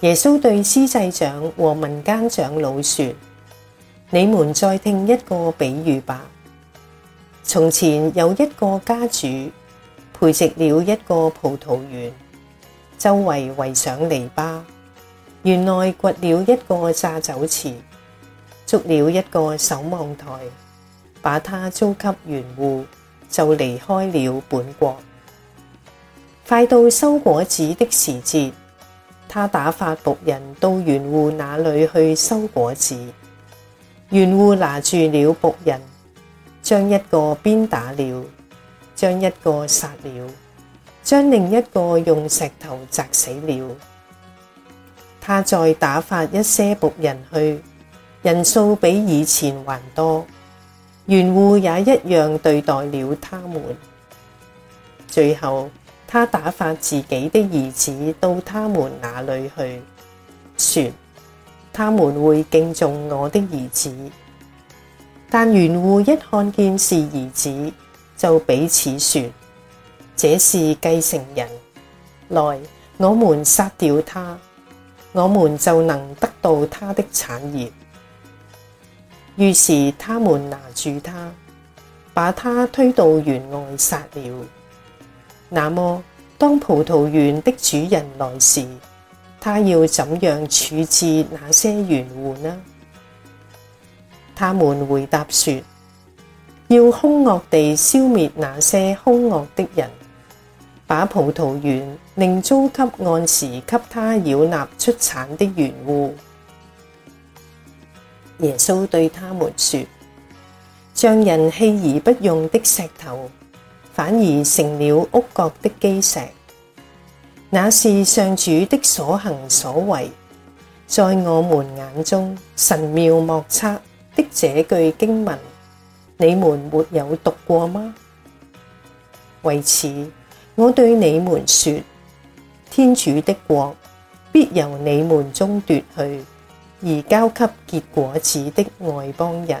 耶穌對司祭長和民間長老說：你們再聽一個比喻吧。從前有一個家主，培植了一個葡萄園，周圍圍上籬笆，園內掘了一個榨酒池，築了一個守望台，把它租給園戶，就離開了本國。快到收果子的時節。他打發僕人到園戶那裡去收果子，園戶拿住了僕人，將一個鞭打了，將一個殺了，將另一個用石頭砸死了。他再打發一些僕人去，人數比以前還多，園戶也一樣對待了他們。最後。他打發自己的兒子到他們那裏去，說他們會敬重我的兒子。但園戶一看見是兒子，就彼此說：這是繼承人，來，我們殺掉他，我們就能得到他的產業。於是他們拿住他，把他推到園外殺了。那麼，當葡萄園的主人來時，他要怎樣處置那些園戶呢？他們回答說：要凶惡地消滅那些凶惡的人，把葡萄園另租給按時給他繳納出產的園戶。耶穌對他們說：匠人棄而不用的石頭。反而成了屋角的基石。那是上主的所行所為，在我們眼中神妙莫測的這句經文，你們沒有讀過嗎？為此，我對你們說天主的國必由你們中奪去，而交給結果子的外邦人。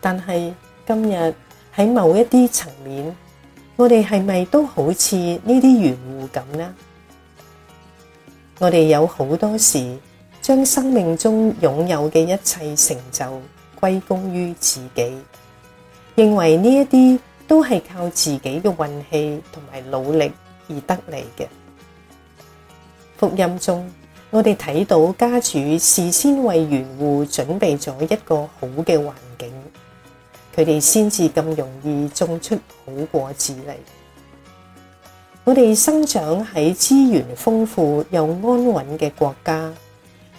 但係今日喺某一啲層面，我哋係咪都好似呢啲園戶咁呢？我哋有好多時將生命中擁有嘅一切成就歸功於自己，認為呢一啲都係靠自己嘅運氣同埋努力而得嚟嘅。福音中，我哋睇到家主事先為園戶準備咗一個好嘅環境。佢哋先至咁容易種出好果子嚟。我哋生長喺資源豐富又安穩嘅國家，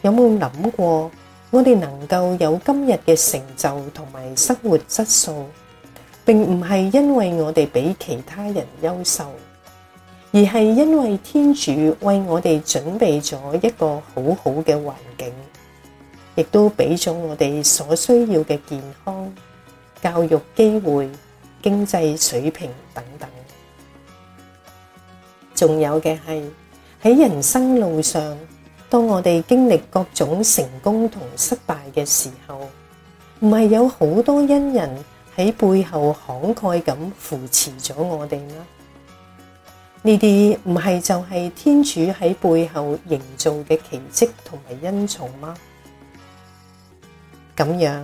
有冇諗過我哋能夠有今日嘅成就同埋生活質素，並唔係因為我哋比其他人優秀，而係因為天主為我哋準備咗一個好好嘅環境，亦都俾咗我哋所需要嘅健康。教育機會、經濟水平等等，仲有嘅係喺人生路上，當我哋經歷各種成功同失敗嘅時候，唔係有好多恩人喺背後慷慨咁扶持咗我哋咩？呢啲唔係就係天主喺背後營造嘅奇蹟同埋恩寵嗎？咁樣。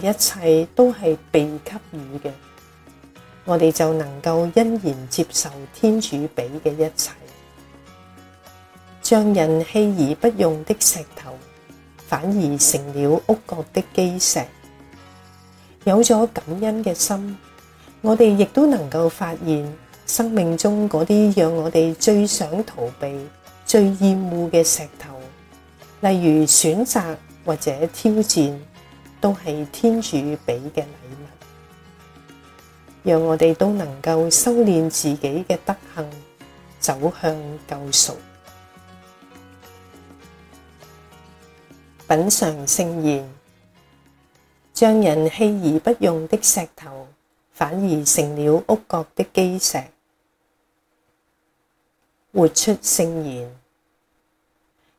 嘅一切都係被給予嘅，我哋就能夠欣然接受天主俾嘅一切。匠人棄而不用的石頭，反而成了屋角的基石。有咗感恩嘅心，我哋亦都能夠發現生命中嗰啲讓我哋最想逃避、最厭惡嘅石頭，例如選擇或者挑戰。都係天主俾嘅禮物，讓我哋都能夠修煉自己嘅德行，走向救贖，品嘗聖言。將人棄而不用的石頭，反而成了屋角的基石，活出聖言。